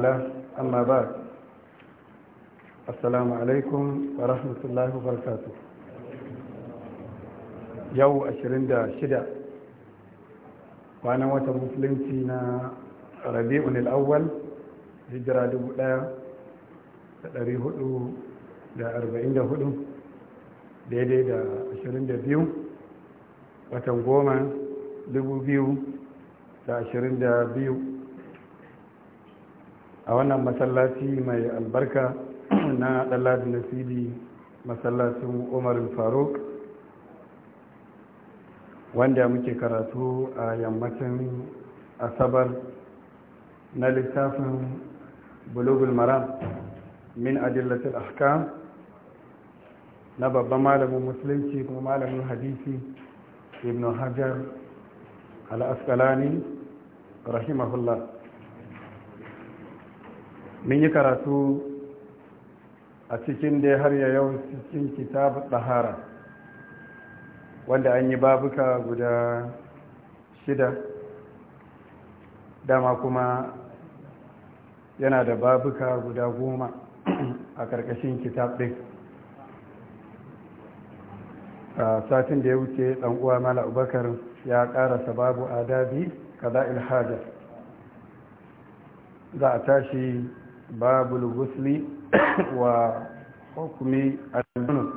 والاه أما بعد السلام عليكم ورحمة الله وبركاته يو أشرين دا شدة وأنا وتا مسلمتنا ربيع الأول هجرة دبلا تدري هدو دا أربعين دا هدو daidai da 22 watan goma 2022 a wannan masallaci mai albarka na ɗalladi nasiri masallacin umar faruk wanda muke karatu a yammacin asabar na littafin bulugul maram min adillatul ahkam na babban malamin musulunci kuma malamin hadisi ibn hajar al-asqalani rahimahullah mun yi karatu a cikin dai har ya yau cikin kitab ɗahara wanda an yi babuka guda shida dama kuma yana da babuka guda goma a ƙarƙashin kitab ɗin a satin da ya wuce uwa mala abubakar ya ƙarasa babu adabi kaza ilhajar za a tashi باب الغسل وحكم الجنب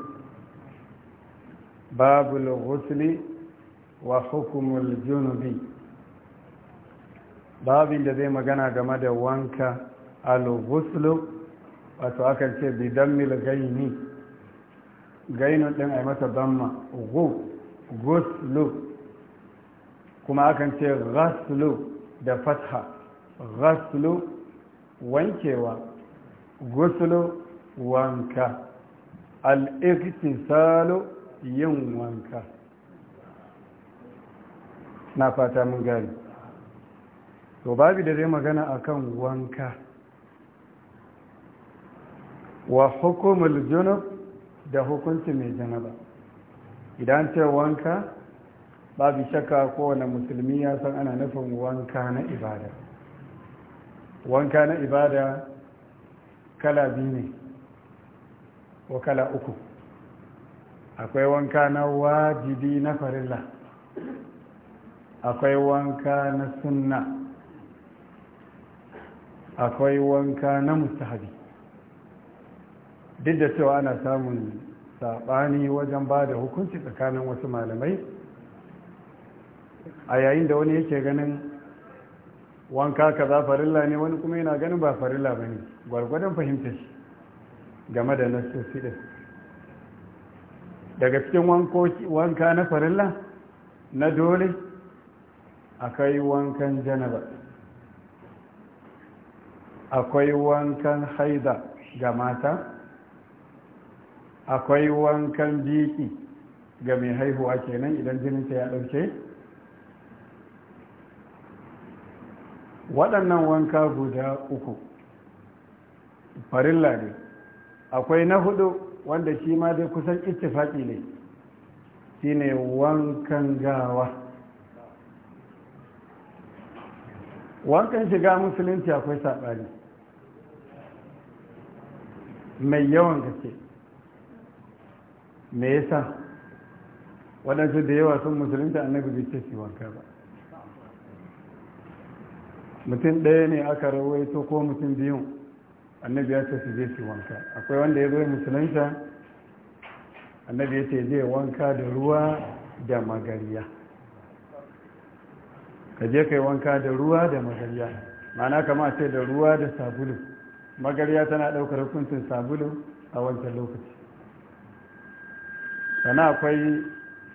باب الغسل وحكم الجنب babin da zai magana game da wanka al-ghuslu wato akan ce bidammil gaini gainun din ai masa damma gu ghuslu kuma akan ce ghaslu da fatha ghaslu wankewa gosulo wanka al'iktisalu yin wanka na fata mun gari to babu da zai magana akan wanka wa hukumul junub da hukunci mai janaba idan ce wanka babu shakka kowane musulmi ya san ana nufin wanka na ibada wanka na ibada kala biyu ne ko kala uku akwai wanka na wajibi na farilla akwai wanka na sunna akwai wanka na mustahabi duk da cewa ana samun saɓani wajen ba da hukunci tsakanin wasu malamai a yayin da wani yake ganin wanka kaza farilla ne wani kuma yana ganin ba farilla ba ne gwargwadon fahimtar shi game da nassosi ɗin daga cikin wanka na farilla na dole akwai wankan janaba akwai wankan haida ga mata akwai wankan biki ga mai haihuwa kenan idan jininta ya ɗauke waɗannan wanka guda uku farilla ne akwai na hudu wanda shi ma dai kusan ittifaki ne shine wankan gawa wankan shiga musulunci akwai saɓani mai yawan gaske me yasa waɗansu da yawa sun musulunci annabi bai ce shi wanka ba mutum ɗaya ne aka rawaito ko mutum biyu annabi ya ce su je su wanka akwai wanda ya zo musulunta annabi ya ce zai wanka da ruwa da magariya ka je kai wanka da ruwa da magariya ma'ana kama ce da ruwa da sabulu magariya tana ɗaukar hukuncin sabulu a wancan lokaci sana akwai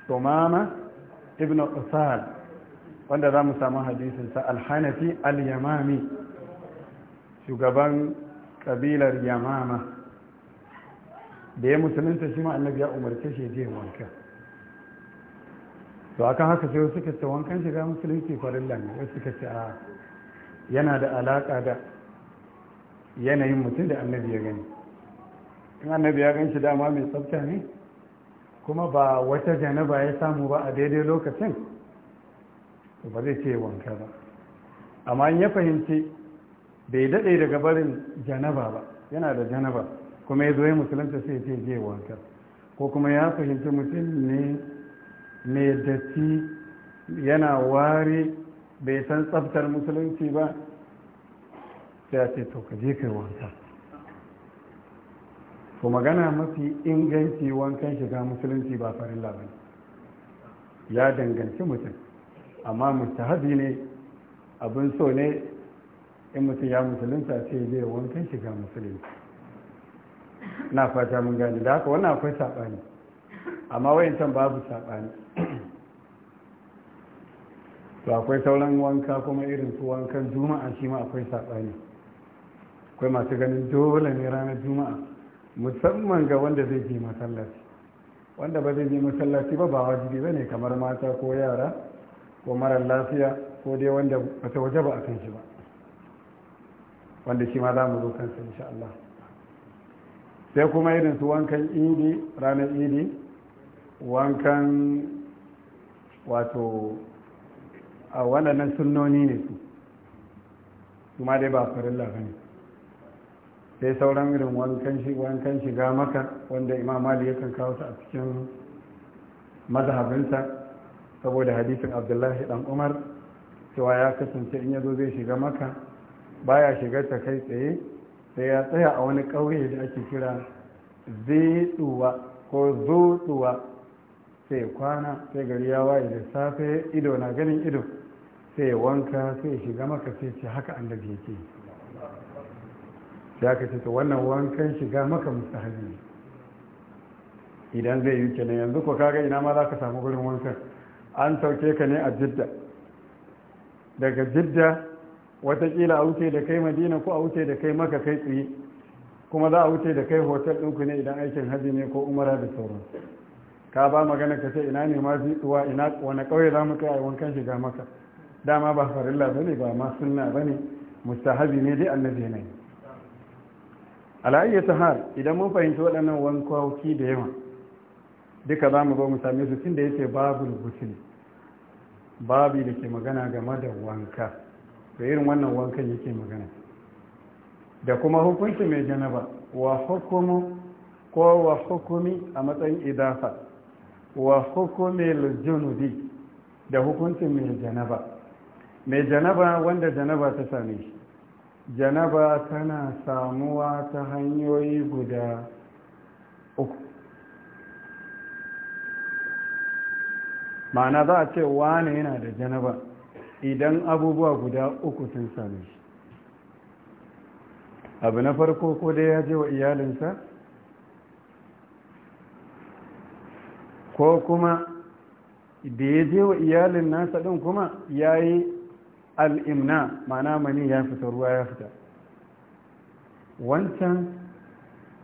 somama ibn usal wanda za mu samu hadisinsa alhanafi al-yamami shugaban kabilar yamama da ya musulunta shi ma annabi ya umarce shi je wanka to akan haka sai suka ce wankan shiga musulunci farin lami wasu suka ce a yana da alaka da yanayin mutum da annabi ya gani in annabi ya shi dama mai tsabta ne kuma ba wata janaba ya samu ba a daidai lokacin ba zai ce wanka ba amma in ya fahimci bai daɗe daga barin janaba ba yana da janaba kuma ya zo ya musulunta sai ce je wanka ko kuma ya fahimci mutum ne mai datti yana ware bai san tsaftar musulunci ba sai a ce to ka je kai wanka ko magana mafi inganci wankan shiga musulunci ba farilla ba ya danganci mutum amma mustahabi ne abin so ne in mutum ya musulunta sai zai wankan shiga musulunci na fata mun gani da haka wannan akwai saɓani amma can babu saɓani to akwai sauran wanka kuma irin su wankan juma'a shi ma akwai saɓani akwai masu ganin dole ne ranar juma'a musamman ga wanda zai je masallaci wanda ba zai je masallaci ba ba wajibi ba ne kamar mata ko yara ko marar lafiya ko dai wanda ta waje ba a kan shi ba wanda shi ma za mu zo kansa insha Allah sai kuma irin su wankan idi ranar idi wankan wato a waɗannan sunnoni ne su kuma dai ba farin ba ne sai sauran irin wankan shiga maka wanda imam ali yakan kawo su a cikin mazhabinsa saboda hadisin abdullahi dan umar cewa ya kasance in yazo zai shiga maka baya shigar ta kai tsaye sai ya tsaya a wani ƙauye da ake kira zitsuwa ko zutsuwa sai kwana sai gari ya waye da safe ido na ganin ido sai wanka sai shiga maka sai ce haka annabi yake ya ka ce wannan wankan shiga maka mustahabi idan zai yi kenan yanzu ko kaga ina ma za ka samu gurin wankan an sauke ka ne a jidda daga jidda watakila a wuce da kai madina ko a wuce da kai maka kai tsaye kuma za a wuce da kai hotel ɗinku ne idan aikin hajji ne ko umara da sauran ka ba magana ka ce ina ne ma zuwa ina wani ƙauye za mu kai a wankan shiga maka dama ba farilla ba ne ba ma sunna ba ne mustahabi ne dai annabi ne ala'ayyar ta har idan mun fahimci waɗannan wankoki da yawa duka za mu zo mu same su tun da yake babu rubutu babi da ke magana game da wanka da irin wannan wankan yake magana da kuma hukunci mai janaba wa hukumu ko wa hukumi a matsayin idafa wa hukumi junubi da hukuncin mai janaba mai janaba wanda janaba ta same shi janaba tana samuwa ta hanyoyi guda ma'ana za a ce wane yana da janaba idan abubuwa guda uku sun same shi abu na farko ko dai ya je wa iyalinsa ko kuma da ya je wa iyalin nasa ɗin kuma ya yi al'imna ma'ana mani ya fita ruwa ya fita wancan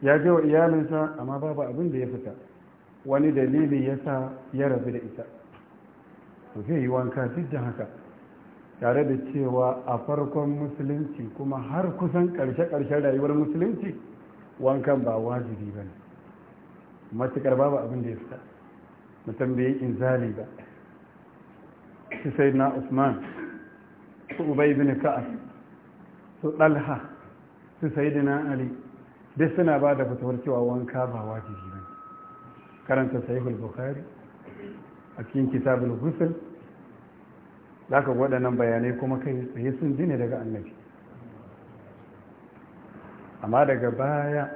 ya je wa iyalinsa amma babu abin da ya fita wani dalili ya sa ya rabu da ita to zai yi wanka duk da haka tare da cewa a farkon musulunci kuma har kusan karshe-karshe karshen rayuwar musulunci wankan ba wajibi ba ne matuƙar babu abin da ya fita mutum bai yi zali ba su sai na usman su ubai bin ka'as su ɗalha su sai ali duk suna ba da fitowar cewa wanka ba wajibi ba ne karanta sahihul bukhari a cikin kitabul ghusl za ka waɗannan bayanai kuma kai tsaye sun ji ne daga annabi amma daga baya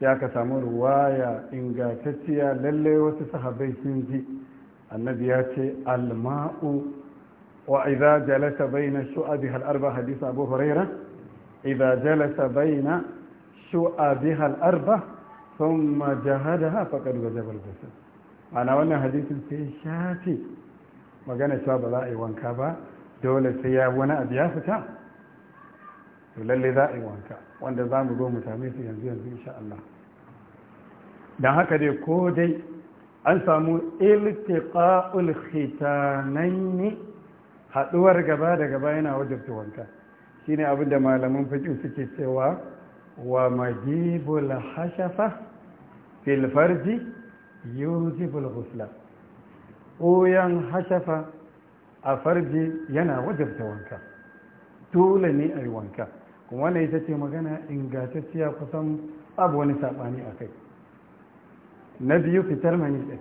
sai aka samu ruwaya ingantacciya lalle wasu sahabai sun ji annabi ya ce alma'u wa idza jalasa baina shu'a bi arba hadith abu huraira idza jalasa baina shu'abiha halarba? arba thumma jahadaha faqad wajaba al-ghusl ana wannan hadisin sai shafi magana cewa ba za a yi wanka ba dole sai ya wani abu ya fita to lalle za a yi wanka wanda za mu zo mu same su yanzu yanzu insha Allah dan haka dai ko dai an samu iltiqa'ul khitanaini haduwar gaba da gaba yana wajibta wanka shine abin da malaman fiqh suke cewa wa majibul hashafa fil farji yuzibul ghusla ɓoyan hashafa a farji yana wajabta wanka dole ne a yi wanka kuma wannan ita ce magana ingantacciya kusan babu wani saɓani a kai na biyu fitar mani ɗin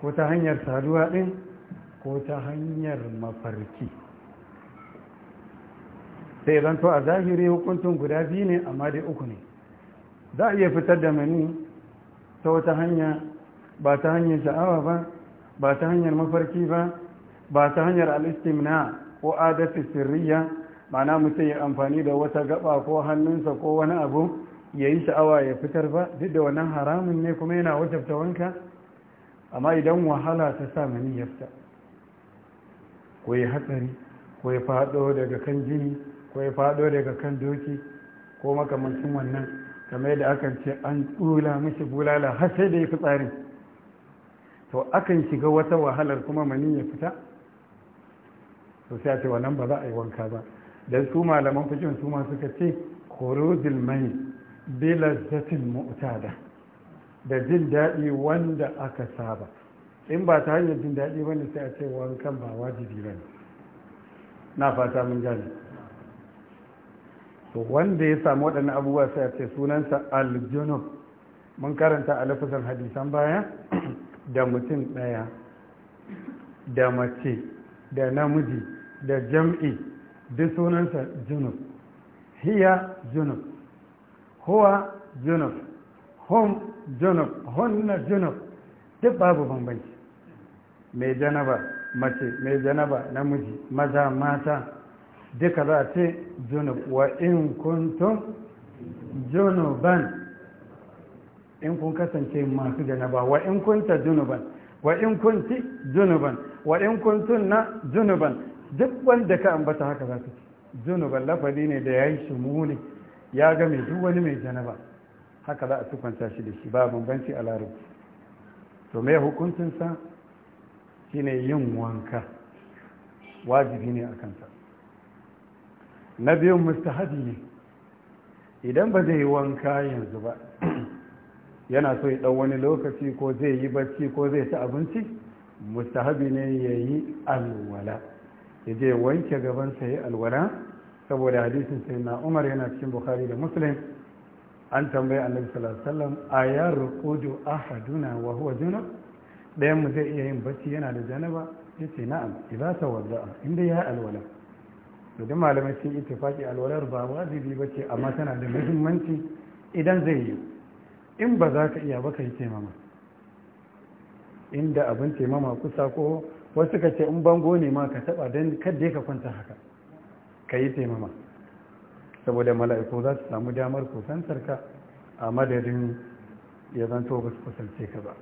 ko ta hanyar saduwa ɗin ko ta hanyar mafarki sai zanto a zahiri hukuntun guda biyu ne amma dai uku ne za a iya fitar da mani ta wata hanya ba ta hanyar sha'awa ba ba ta hanyar mafarki ba ba ta hanyar al'istimna ko adafi sirriya mana mutum ya amfani da wata gaba ko hannunsa ko wani abu ya yi sha'awa ya fitar ba duk da wannan haramun ne kuma yana wajabta wanka amma idan wahala ta sa maniyyarta ko ya hatsari ko ya fado daga kan jini ko ya fado daga kan doki ko makamancin wannan kamar yadda akan ce an tsula mishi bulala har sai da ya fi tsarin to akan shiga wata wahalar kuma mani ya fita to sai a ce wannan ba za a yi wanka ba dan su malaman fikin su ma suka ce khurujul mai bila zatin mu'tada da jin daɗi wanda aka saba in ba ta hanyar jin daɗi bane sai a ce wankan ba wajibi bane na fata mun gane to wanda ya samu waɗannan abubuwa sai a ce sunansa aljunub mun karanta a lafisan hadisan baya da mutum ɗaya da mace da namiji da jam'i duk sunansa junub hiya junub huwa junub hum junub hunna junub duk babu bambanci mai janaba mace mai janaba namiji maza mata duka za a ce junub wa in kuntum junuban in kun kasance masu janaba wa in kunta junuban wa in kunti junuban wa in kuntunna junuban duk wanda ka ambata haka za ka junuban lafazi ne da ya yi shumuli ya ga mai duk wani mai janaba haka za a tukwanta shi da shi ba bambanci a larabci to mai hukuncinsa shine yin wanka wajibi ne a kansa na biyun mustahadi ne idan ba zai yi wanka yanzu ba yana so ya ɗau wani lokaci ko zai yi bacci ko zai ci abinci mustahabi ne ya yi alwala ya je wanke gabansa ya yi alwala saboda hadisin sai na umar yana cikin bukhari da muslim an tambaye annabi sallallahu alaihi wasallam ayar rukudu ahaduna wa huwa junub ɗayan mu zai iya yin bacci yana da janaba ce na'am idza tawadda inda ya yi alwala idan malamai sun ittifaki alwalar ba wajibi bace amma tana da muhimmanci idan zai yi in ba za ka iya ba ka yi taimama inda abin taimama kusa ko wasu ka ce in bango ne ma ka taba don kadda ka kwanta haka ka yi taimama saboda mala'iku za su samu damar kusantar ka a madadin ya zanto ba su kusance ka ba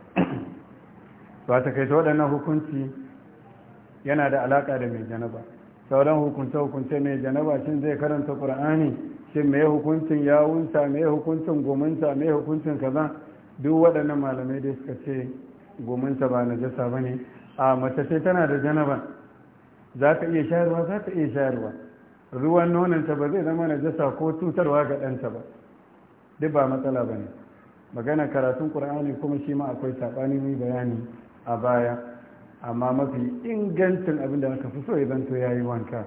ba ta kai ta waɗannan hukunci yana da alaƙa da mai janaba sauran hukunce-hukunce mai janaba shi zai karanta ƙur'ani shin mai hukuncin yawunsa mai hukuncin gominsa mai hukuncin kaza duk waɗannan malamai da suka ce gominsa ba na jasa ba ne a mace ce tana da janaba za ta iya shayarwa za ta iya shayarwa ruwan nonanta ba zai zama na jasa ko cutarwa ga ɗanta ba duk ba matsala ba ne magana karatun ƙur'ani kuma shi ma akwai saɓani mai bayani a baya amma mafi ingancin abin da aka fi so ya zanto ya yi wanka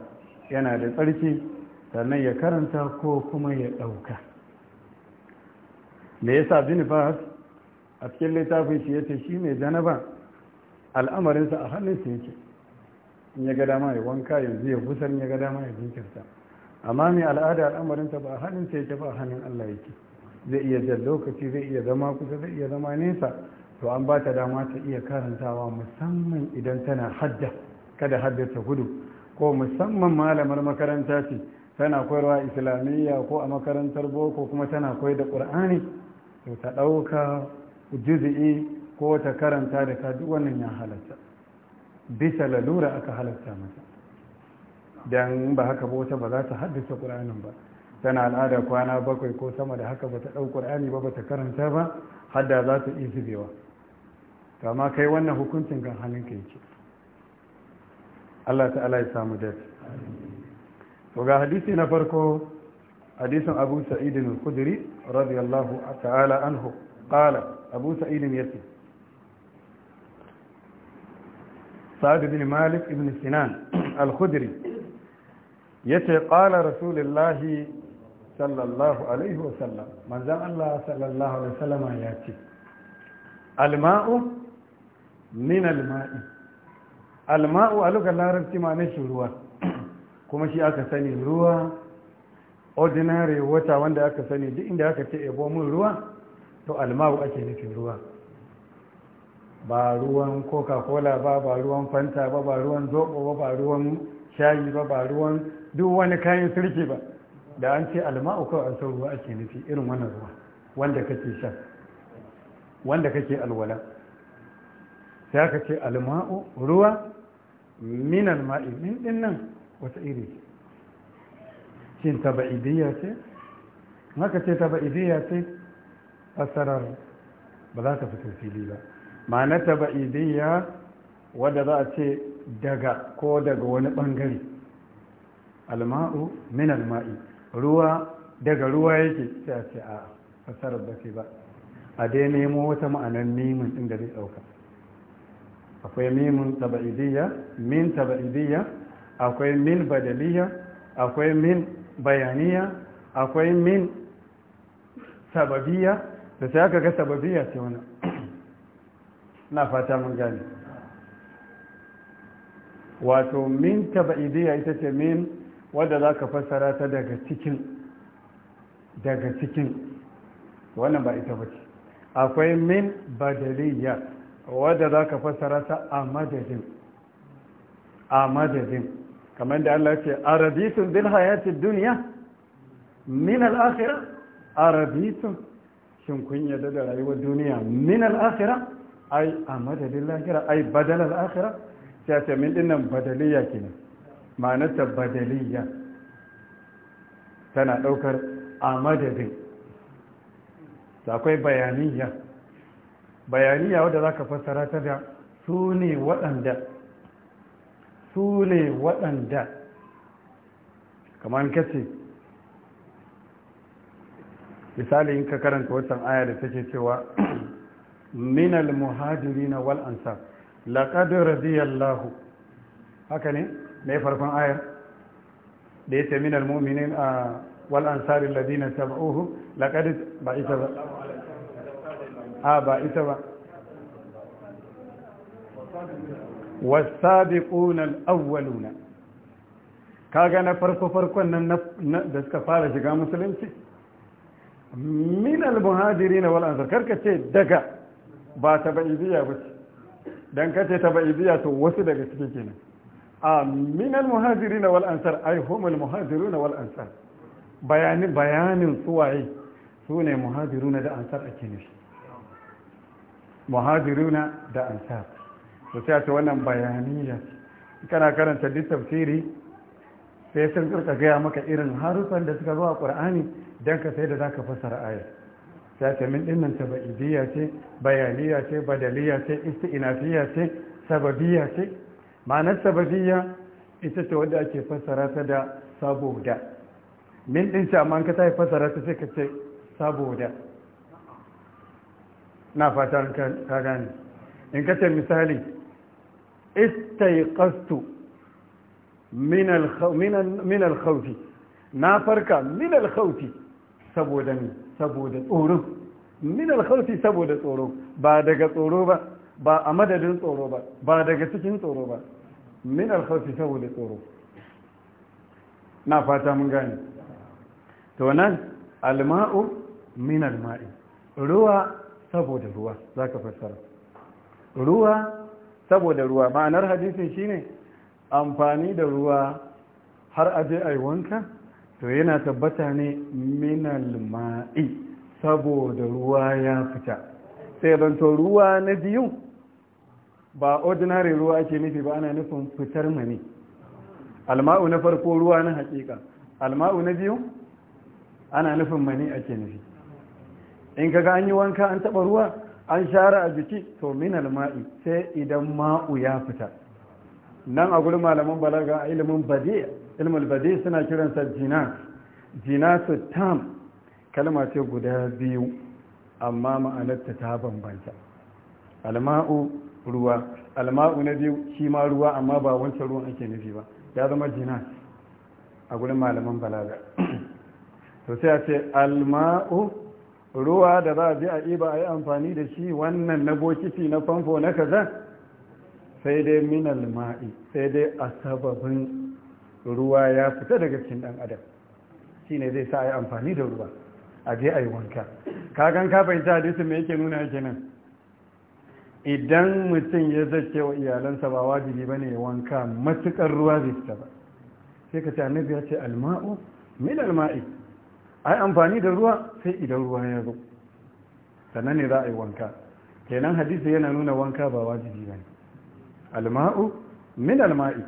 yana da tsarki sannan ya karanta ko kuma ya ɗauka da ya sa binifas a cikin littafin shi ya ce shi mai janaba al'amarinsa a hannunsa yake in ya ga dama ya wanka yanzu ya busar ya ga dama ya jinkirta amma mai al'ada al'amarinsa ba a hannunsa yake ba a hannun allah yake zai iya jan lokaci zai iya zama kusa zai iya zama nesa to an ba ta dama ta iya karantawa musamman idan tana hadda kada haddata gudu ko musamman malamar makaranta ce tana koyarwa islamiyya ko a makarantar boko kuma tana koyar da ƙur'ani to ta ɗauka juzi'i ko ta karanta da ta duk wannan ya halatta bisa lalura aka halatta mata don ba haka ba wata ba za ta haddasa ƙur'anin ba tana al'ada kwana bakwai ko sama da haka ba ta ɗau ƙur'ani ba ba ta karanta ba hadda za ta iya zubewa kama kai wannan hukuncin kan hannunka yake Allah ta'ala ya samu dace ga hadisi na farko hadisin abu sa'idin al-kudri radiyallahu ta'ala anhu ƙala abu sa'idin yake sa'ad bin malik ibn sinan al-kudri yace qala rasulullahi sallallahu alaihi wasallam manzan Allah sallallahu alaihi wasallama yace al-ma'u min al-ma'i al-ma'u a lugar larabci ma ne shuruwa. kuma shi aka sani ruwa ordinary wata wanda aka sani duk inda aka ce ebo mun ruwa to alma'u ake nufin ruwa ba ruwan coca-cola ba ba ruwan fanta ba ba ruwan zobo ba ba ruwan shayi ba ba ruwan duk wani kayan sirki ba da an ce alma'u kawai an san ruwa ake nufi irin wannan ruwa wanda kake sha wanda kake alwala sai aka ce alma'u ruwa minan ma'i din nan wata iri shin taba'idiyya ce maka ce taba'idiyya ce fassarar ba za ta fito fili ba ma'ana taba'idiyya wadda za a ce daga ko daga wani bangare alma'u min alma'i ruwa daga ruwa yake sai a ce a fassarar ba ce ba a dai nemo wata ma'anar nemin inda zai dauka. akwai nemin taba'idiyya min taba'idiyya akwai min badaliya akwai min bayaniya akwai min sababiya da sai aka ga sababiya ce wani na fata mun gani wato min taba'idiyya ita ce min wadda za ka fassara ta daga cikin daga cikin wannan ba ita bace akwai min badaliya wadda za ka fassara ta a madadin a madadin kamar da Allah ce a raditun bil hayatid duniya min al-akhirah a raditun shin kun yarda da rayuwar duniya min al ai a madadin lahira ai badal al-akhirah sai ce min dinnan badaliya kenan ma'anarta badaliya tana ɗaukar a madadin akwai bayaniya bayaniya wadda za ka fassara ta da su ne waɗanda su ne waɗanda kamar kace misali in ka karanta watan aya da take cewa minal muhajirina wal ansar laqad radiyallahu haka ne mai farkon ayar da yace minal mu'minin wal ansar alladhina tabauhu laqad ba ita ba a ba ita ba wasabiquna al-awwaluna kaga na farko farkon nan da suka fara shiga musulunci min al-muhajirin wal ansar karka ce daga ba ta tabaidiyya ba ce dan kace tabaidiyya to wasu daga cikin kenan a min al-muhajirin wal ansar ay hum al-muhajirun wal ansar bayanin bayanin suwaye su muhajiruna da ansar ake nufi muhajiruna da ansar to sai ta wannan bayaniya kana karanta duk tafsiri sai sun karka gaya maka irin harufan da suka zo a ƙur'ani don ka sai da za ka fasara ayar sai ta min dinnan ta ba'idiyya ce bayaniya ce badaliya ce isti'inafiya ce sababiya ce ma'anar sababiya ita ce wadda ake fasara ta da saboda min din ce amma ka ta yi fasara ta sai ka ce saboda na fatan ka gane in ka ce misali istaiqastu min alkhawfi na farka min alkhawfi saboda ni saboda tsoro min alkhawfi saboda tsoro ba daga tsoro ba ba a madadin tsoro ba ba daga cikin tsoro ba min alkhawfi saboda tsoro na fata mun gane to nan alma'u min alma'i ruwa saboda ruwa zaka fassara ruwa saboda ruwa ma'anar hadisin shine amfani da ruwa har aje a yi wanka to yana tabbata ne minal ma'i saboda ruwa ya fita sai zanto ruwa na biyu ba ordinary ruwa ake nufi ba ana nufin fitar mani alma'u na farko ruwa na hakika alma'u na biyu ana nufin mani ake nufi in kaga an yi wanka an taba ruwa an share a jiki to min alma'i sai idan ma'u ya fita nan a gurin malaman balaga a ilimin badi ilimin badi suna kiransa jinas jinasu tam kalma ce guda biyu amma ma'anarta ta bambanta alma'u ruwa alma'u na biyu shi ma ruwa amma ba wancan ruwan ake nufi ba ya zama jinas a gurin malaman balaga to sai a ce alma'u ruwa da za a je a iba a yi amfani da shi wannan na bokiti na famfo na kaza sai dai minal ma'i sai dai a sababin ruwa ya fita daga cikin dan adam shi ne zai sa a yi amfani da ruwa a je a yi wanka kagan ka fahimta hadisin me yake nuna kenan idan mutum ya zace wa iyalansa ba wajibi bane wanka matukar ruwa zai fita ba sai ka ce annabi ya ce alma'u min alma'i ai amfani da ruwa sai idan ruwa ya zo sannan ne za a yi wanka kenan hadisi yana nuna wanka ba wajibi ba ne alma'u min alma'i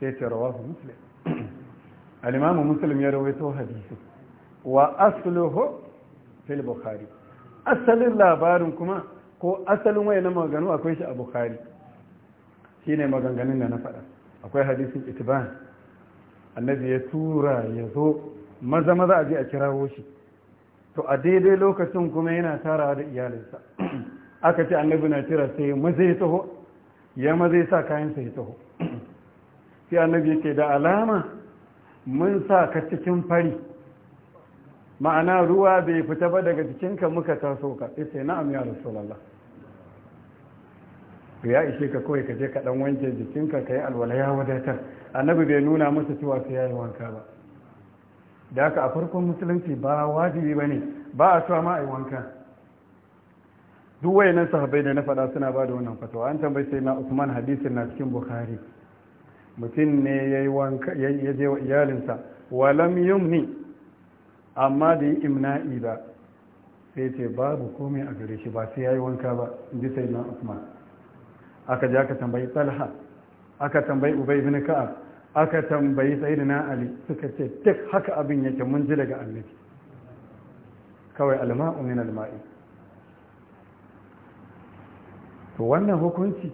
sai ce su muslim alimamu musulun ya rawaito hadisi wa asuluhu fil bukhari asalin labarin kuma ko asalin wai na maganganu akwai shi a bukhari Shi ne maganganun da na faɗa akwai hadisin itban annabi ya tura ya zo maza maza a je a kirawo shi to a daidai lokacin kuma yana tarawa da iyalinsa aka ce annabi na kira sai maza ya taho ya maza ya sa kayansa ya taho sai annabi ke da alama mun sa ka cikin fari ma'ana ruwa bai fita ba daga jikinka muka taso ka ita na'am ya rasulallah to ya ishe ka kawai ka je ka dan wanke jikinka ka yi alwala ya wadatar annabi bai nuna masa cewa sai ya yi wanka ba da haka a farkon musulunci ba wajibi ba ne ba a cewa ma a yi wanka duk nan sahabai da na faɗa suna ba da wannan fatawa an tambayi sai na usman hadisin na cikin bukhari mutum ne ya yi wanka ya je wa iyalinsa walam yumni amma da yi imna'i ba sai ce babu komai a gare shi ba sai ya yi wanka ba inji sai na usman aka je aka tambayi talha aka tambayi ubai bin ka'ab aka tambayi da ali suka ce duk haka abin yake mun ji daga annabi kawai alma'u min alma'i to wannan hukunci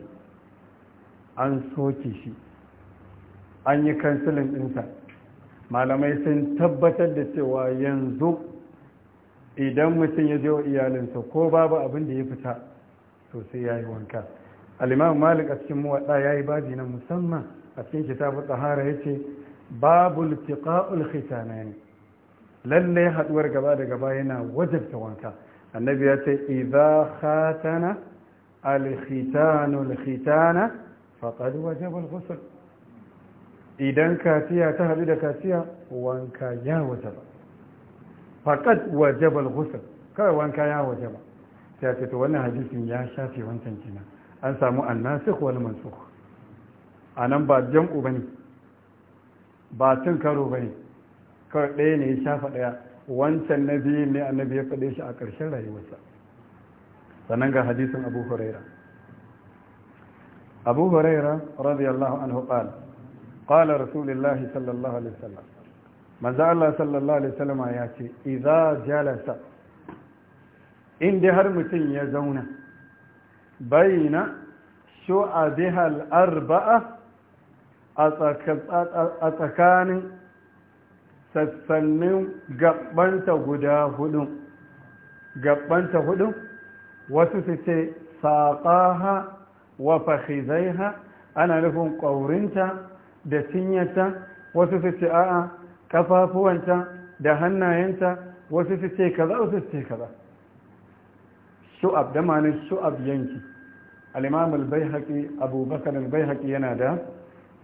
an soke shi an yi kansilin dinsa. malamai sun tabbatar da cewa yanzu idan mutum ya je wa iyalinsa ko babu abin da ya fita to sai ya yi wanka alimamu malik a cikin muwaɗa ya yi bazi na musamman a cikin kitabu tsahara ya ce babu na khitanani lalle haɗuwar gaba da gaba yana wajabta wanka annabi ya ce idza khatana alkhitanu alkhitana faqad wajaba alghusl idan kaciya ta haɗu da kaciya wanka ya wajaba faqad wajaba alghusl kawai wanka ya wajaba sai ce to wannan hadisin ya shafe wancan kina an samu annasikh wal mansukh a nan ba jam'u ba ne ba cin karo ba ne kawai ɗaya ne ya shafa ɗaya wancan na biyu ne annabi ya faɗe shi a ƙarshen rayuwarsa sannan ga hadisin abu huraira abu huraira radiyallahu anhu qala ƙala rasulullahi sallallahu alaihi sallam. manzo Allah sallallahu alaihi sallama ya ce idza jalasa in dai har mutum ya zauna Bayina, shu'a biha al-arba'a a tsakanin sassannin gabbanta guda hudu gabbanta hudu wasu su ce saƙaha wa fahizaiha ana nufin ƙaurinta da cinyata wasu su ce a'a ƙafafuwanta da hannayenta wasu su ce kaza wasu su ce kaza shu'ab da manin shu'ab yanki al-imam al abubakar al haƙi yana da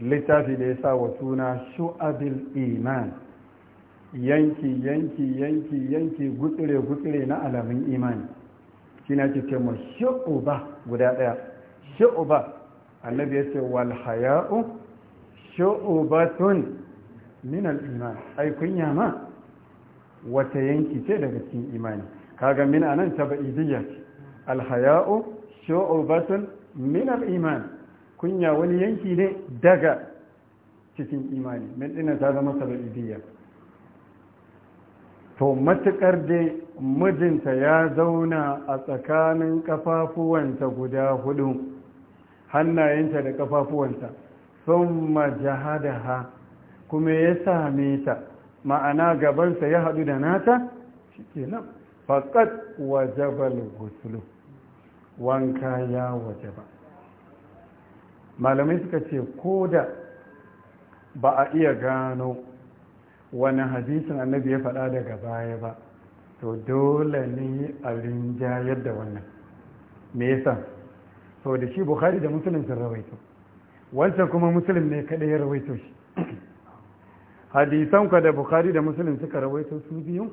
littafi da ya sa wa suna shu'abil iman yanki yanki yanki yanki gutsire gutsire na alamin imani shi na ce ma shu'uba guda ɗaya shu'uba annabi ya ce wal haya'u shu'ubatun min al iman ai kunya ma wata yanki ce daga cikin imani kaga min anan tabaidiyya ce al haya'u shu'ubatun min al iman kunya wani yanki ne daga cikin imani min ta zama sabaidiyya to matukar da mijinta ya zauna a tsakanin kafafuwanta guda hudu hannayenta da kafafuwanta sun ha, kuma ya same ta ma'ana gabansa ya haɗu da nata shi ke nan faƙat wajabal gusulu wanka ya wajaba malamai suka ce ko da ba a iya gano wani hadisin annabi ya faɗa daga baya ba to dole ne a rinjayar da wannan me yasa to da shi bukhari da musulun sun rawaito wancan kuma musulun ne kaɗai ya rawaito shi hadisan da bukhari da musulun suka rawaito su biyu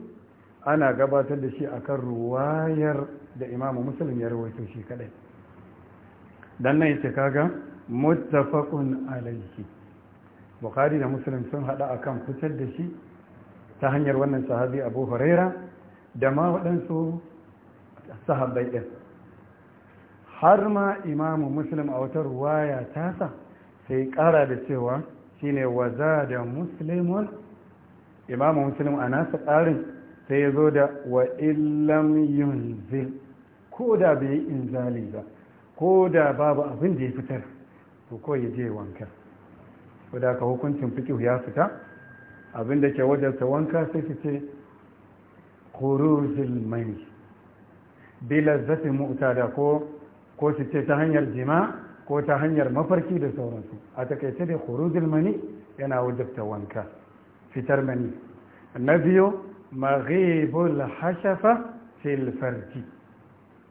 ana gabatar da shi akan ruwayar da imamu musulun ya rawaito shi kaɗai dan nan yake kaga muttafaqun alayhi bukhari da muslim sun hada kan fitar da shi ta hanyar wannan sahabi abu huraira da ma waɗansu sahabbai ɗin har ma imamu muslim a wata ruwaya tasa sai ƙara da cewa shine waza da muslimun imamu muslim a nasa ƙarin sai ya zo da wa illam yunzil ko da bai yi inzali ba ko da babu abin da ya fitar to ko ya je wanka ko da ka hukuncin fiqh ya fita abin da ke wajarta wanka sai ki ce khurujul mani bi lazzati mu'tada ko ko ki ce ta hanyar jima ko ta hanyar mafarki da sauransu a takaice da khurujul mani yana wajarta wanka fitar mani na biyu maghibul hashafa fil farji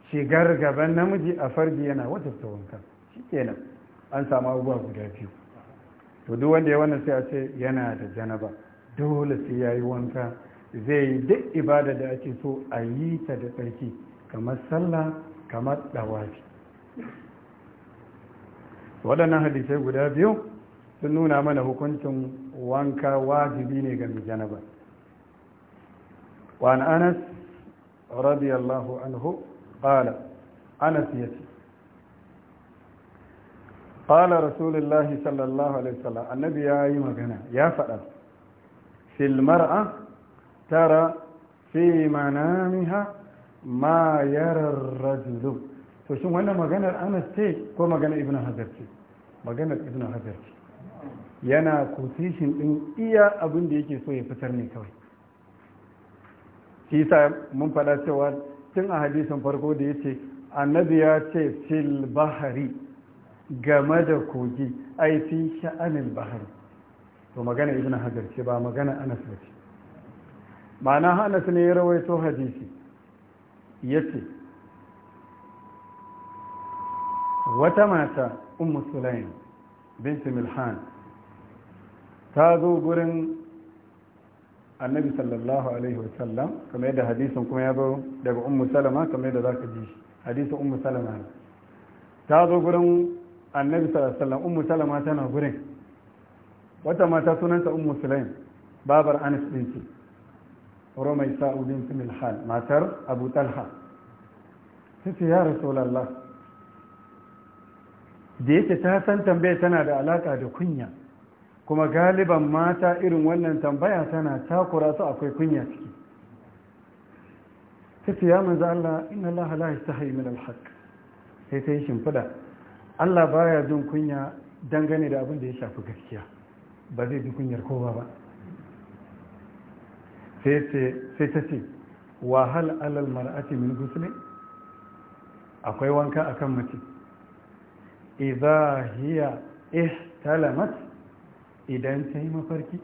shigar gaban namiji a farji yana wajarta wanka shikenan an samu abubuwa guda biyu to duk wanda ya wannan sai a ce yana da janaba dole sai ya yi wanka zai yi duk ibada da ake so a yi ta da tsarki kamar sallah kamar dawafi waɗannan hadisai guda biyu sun nuna mana hukuncin wanka wajibi ne ga mai janaba وعن أنس رضي الله عنه قال أنس qala rasulullahi sallallahu alaihi wasallam annabi ya yi magana ya faɗa fil mar'a tara fi manamiha ma yara rajulu to shin wannan maganar anas ce ko maganar ibn hajar ce maganar ibn hajar ce yana quotation din iya abinda da yake so ya fitar ne kawai shi mun faɗa cewa tun a hadisin farko da yace annabi ya ce fil bahari game da kogi yi fi sha'anin bahari to magana ibn hajar ce ba magana anas ba ce ma'ana anas ne ya rawaito hadisi yace wata mata ummu sulaim bint milhan ta zo gurin annabi sallallahu alaihi wasallam kamar yadda hadisin kuma ya zo daga ummu salama kamar yadda za ka ji hadisin ummu salama ta zo gurin annabi sallallahu alaihi ummu salama tana gurin wata mata sunanta ummu sulaim babar anas din ce romai sa'udin su milhal matar abu talha ta ce ya rasulallah da yake ta san tambaya tana da alaka da kunya kuma galiban mata irin wannan tambaya tana takura su akwai kunya ciki ta ce ya manzo Allah inna Allah la yastahi min al-haqq sai ta yi shimfida Allah baya jin kunya dangane da abin da ya shafi gaskiya ba zai ji kunyar kowa ba sai ta ce wahal alal mar'ati min gusle akwai wanka a kan mace iza hiya talamat, idan ta yi mafarki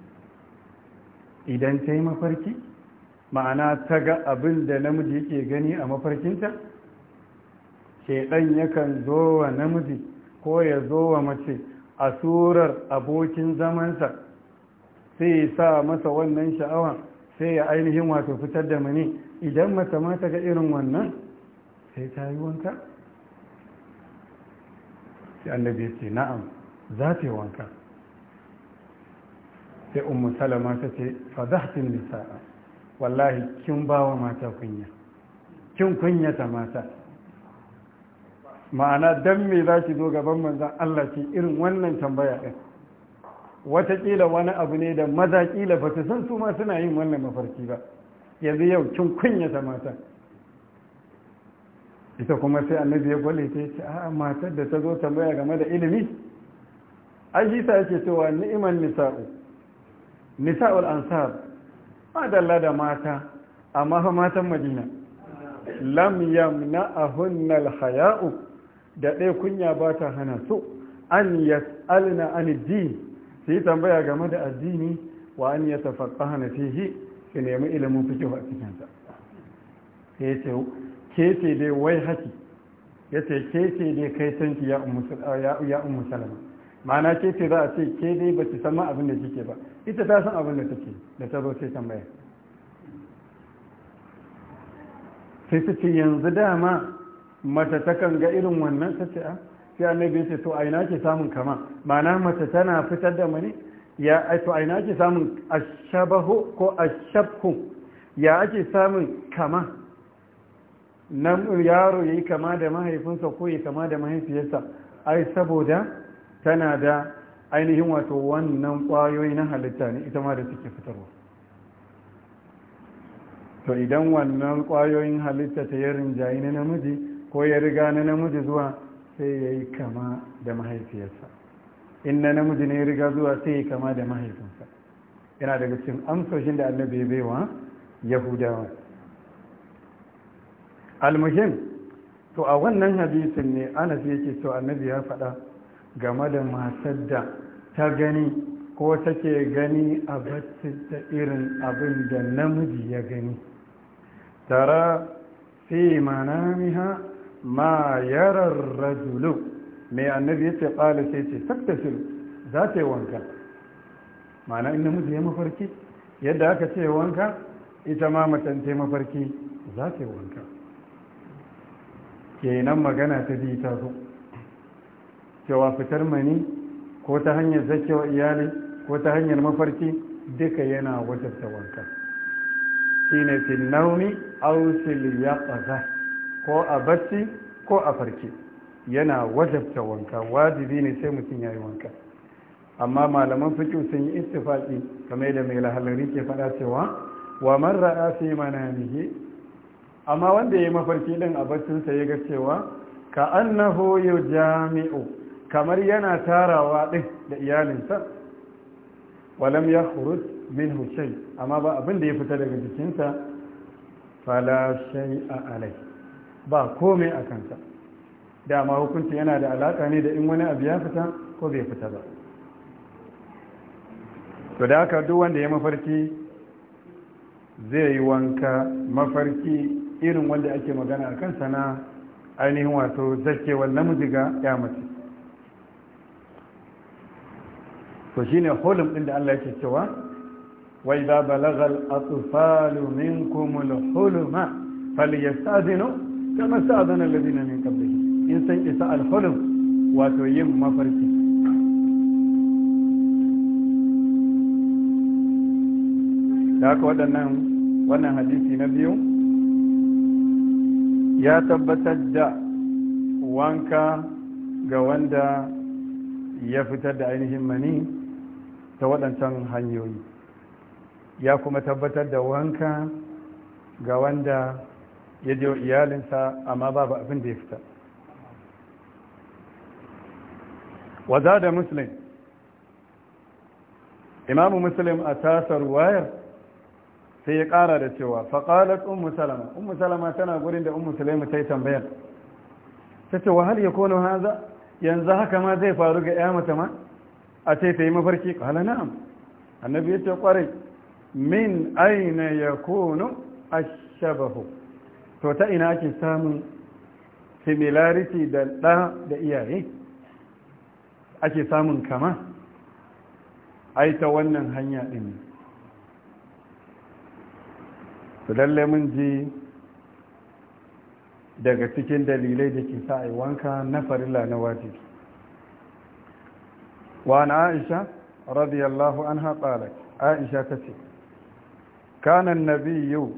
idan ta yi mafarki ma'ana ta ga abin da namiji yake gani a mafarkinta shedan yakan zo wa namiji ko ya zo wa mace a surar abokin zamansa sai ya sa masa wannan sha'awa sai ya ainihin wato fitar da mani idan mace ma ta ga irin wannan sai ta yi wanka sai annabi ya ce na'am za ta yi wanka sai ummu salama ta ce fadahtin nisa'a wallahi kin ba wa mata kunya kin kunyata mata ma'ana dan me za ki zo gaban manzan Allah ce irin wannan tambaya ɗin watakila wani abu ne da maza kila ba ta san su ma suna yin wannan mafarki ba yanzu yau kin kunyata mata ita kuma sai annabi ya gwale ta ce a'a matar da ta zo tambaya game da ilimi ajisa yake cewa ni'iman nisa'u nisa'ul ansar adala da mata amma fa matan madina lam ahunnal haya'u da ɗaya kunya ba ta hana su an alina an din su yi tambaya game da addini wa an ya hana fihi su nemi ilimin fikin a cikinsa. sai ce ke ce dai wai haki ce ke ce dai kai sanki ya umu salama ma'ana ke ce za a ce ke dai ba su san abin da kike ba ita ta san abin da take da ta zo sai tambaya sai su ce yanzu dama mace takan ga irin wannan ta ce a ah, sai annabi ce to aina ke samun kama ma'ana mace tana fitar da mani ya to aina ke samun ashabahu ko ashabhu ya ake samun kama nan yaro yayi kama da mahaifinsa ko ya kama da mahaifiyarsa ai saboda tana da ainihin wato wannan kwayoyi na halitta ne ita ma da suke fitarwa to idan wannan kwayoyin halitta ta yarin jayi na namiji ko ya riga na namiji zuwa sai ya yi kama da mahaifiyarsa in na namiji ne ya riga zuwa sai ya yi kama da mahaifinsa yana daga cikin amsoshin da annabi ya wa yahudawa almuhim to a wannan hadisin ne anas yake so annabi ya faɗa game da matar da ta gani ko take gani a bacci ta irin abin da namiji ya gani tara fi manamiha ma yarar rajulu mai annabi ya ce ƙala sai ce saktasir za ta yi wanka ma'ana in mutu ya mafarki yadda aka ce wanka ita ma macen ta mafarki za ta yi wanka kenan magana ta bi ta zo cewa fitar mani ko ta hanyar zakewa iyali ko ta hanyar mafarki duka yana wajabta wanka shine fi naumi ya ƙaza ko a bacci ko a farke yana wajabta wanka wajibi ne sai mutum ya yi wanka amma malaman fiƙi sun yi istifaki kamar da mai lahalari ke faɗa cewa wa man ra'a fi manamihi amma wanda ya yi mafarki din a baccinsa ya ga cewa ka annahu yujami'u kamar yana tarawa din da iyalinsa walam ya khurut min shay amma ba abin da ya fita daga jikinsa fala shay'a alai ba komai a kansa dama hukunci yana da alaka ne da in wani abu ya fita ko bai fita ba to da haka duk wanda ya mafarki zai yi wanka mafarki irin wanda ake magana a kansa na ainihin wato zakewar namiji ga ya mace to shi ne holin ɗin da Allah ya ce cewa wai ba balagal min atfalu minkum al-huluma falyastazinu kamar sa azana lazina ne in san isa alhulum wato yin mafarki da haka waɗannan wannan hadisi na biyu ya tabbatar da wanka ga wanda ya fitar da ainihin mani ta waɗancan hanyoyi ya kuma tabbatar da wanka ga wanda ya je iyalinsa amma babu abin da ya fita waza da muslim imamu muslim a tasar wayar sai ya kara da cewa faƙalar ummu salama ummu salama tana gurin da ummu salama ta yi tambayar ta ce wahal ya kono haza yanzu haka ma zai faru ga ya mata ma a ce ta yi mafarki ƙala na'am annabi ya ce ƙwarai min aina ya kono ashabahu to ta ina ake samun similarity da ɗa da iyaye ake samun kama ai ta wannan hanya ɗin su lalle mun ji daga cikin dalilai da ke sa'ai wanka na farilla na waje. wa na aisha radiyallahu an haɓarar aisha ta ce kanan nabi yau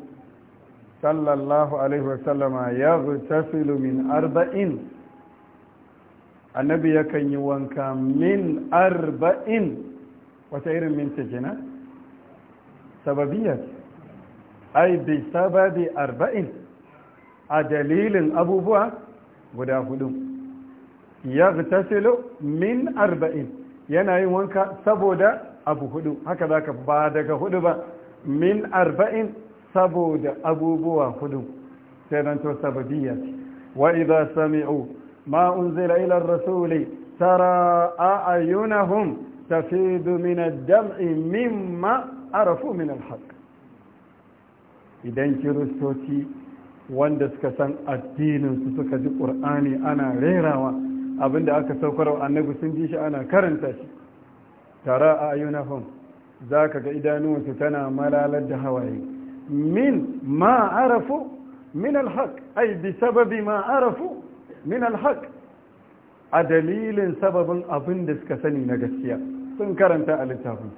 sallallahu alaihi wasallama ya tasilu min arba'in annabi yakan yi wanka min arba'in wata irin minti kina sababiyar ai bi sababi arba'in a dalilin abubuwa guda hudu ya tasilu min arba'in yana yin wanka saboda abu hudu haka za ka ba daga hudu ba min arba'in saboda abubuwa hudu sai nan to sababiyya wa idza sami'u ma unzila ila ar-rasuli tara a'yunahum tafidu min ad-dam'i mimma arafu min al-haqq idan kiristoci wanda suka san addinin su suka ji qur'ani ana rerawa abinda aka saukarwa annabi sun ji shi ana karanta shi tara a'yunahum zaka ga idanuwansu tana malalar da hawaye min ma arafu min alhaq sababi ma arafu min a dalilin sababin abin da suka sani na gaskiya sun karanta a littafin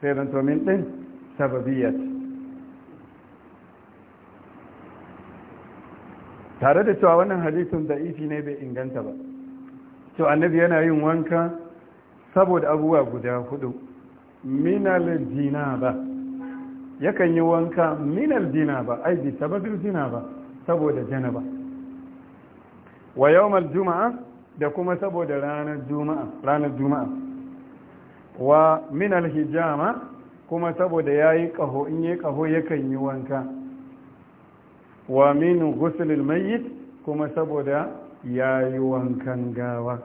sai zanto min din sababiyat tare da cewa wannan da da'ifi ne bai inganta ba to annabi yana yin wanka saboda abubuwa guda hudu minal ba. yakan yi wanka minal zina ba ai bi sababin jina ba saboda janaba wa yawmal juma'a da kuma saboda ranar juma'a ranar juma'a wa minal hijama kuma saboda yayi kaho in yayi kaho yakan yi wanka wa min ghuslil mayyit kuma saboda yayi wankan gawa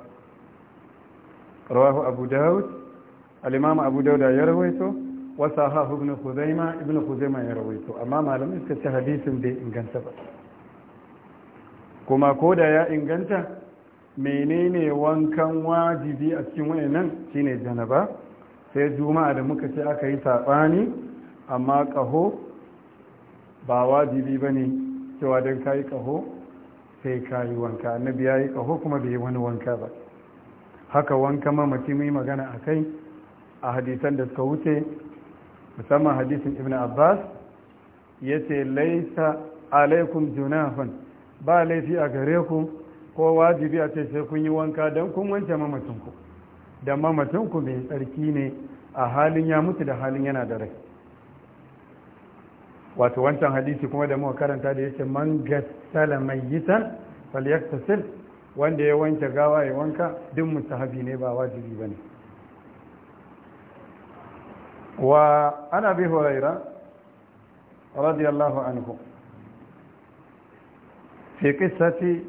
rawahu abu daud al-imam abu daud ya rawaito wasahahu ibn khuzaima ibn khuzaima ya rawaito amma malamai suka ce hadisin bai inganta ba kuma ko da ya inganta menene wankan wajibi a cikin wayannan shine janaba sai juma'a da muka ce aka yi sabani amma kaho ba wajibi bane cewa dan kai kaho sai kayi wanka annabi yayi kaho kuma bai yi wani wanka ba haka wanka mutum mai magana akai a hadisan da suka wuce musamman hadisin ibn abbas ya ce laisa alaikum junahun ba laifi a gare ku ko wajibi a ce sai kun yi wanka don kun wance mamacinku da mamacinku mai tsarki ne a halin ya mutu da halin yana da rai wato wancan hadisi kuma da muka karanta da ya ce man mai mayyitan falyaktasil wanda ya wanke gawa ya wanka duk mustahabi ne ba wajibi ba ne. wa ana bi huraira radiyallahu anhu fi kisati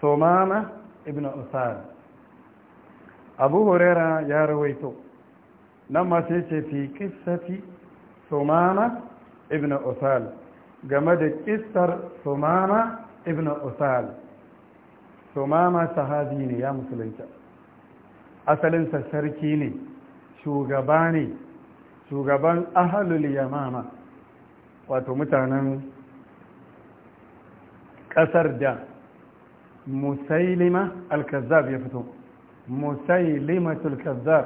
somama ibn usad abu huraira ya rawaito nan ma sai fi kisati somama ibn usad game da kisar somama ibn usad somama sahabi ne ya musulunta asalin sarki ne shugaba ne shugaban ahalul yamama wato mutanen ƙasar da musailima al-kazzab ya fito musailimatul kazzab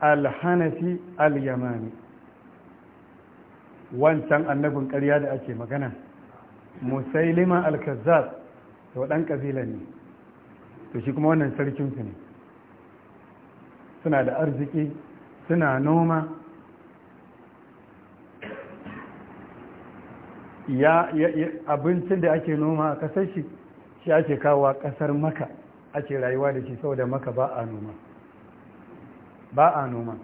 al-hanafi al-yamami wancan annabin ƙarya da ake magana musailima al-kazzab da waɗan ƙabila ne to shi kuma wannan sarkinsu ne suna da arziki suna noma ya abincin da ake noma a kasar shi shi ake kawo kasar maka ake rayuwa da shi saboda maka ba a noma ba a noma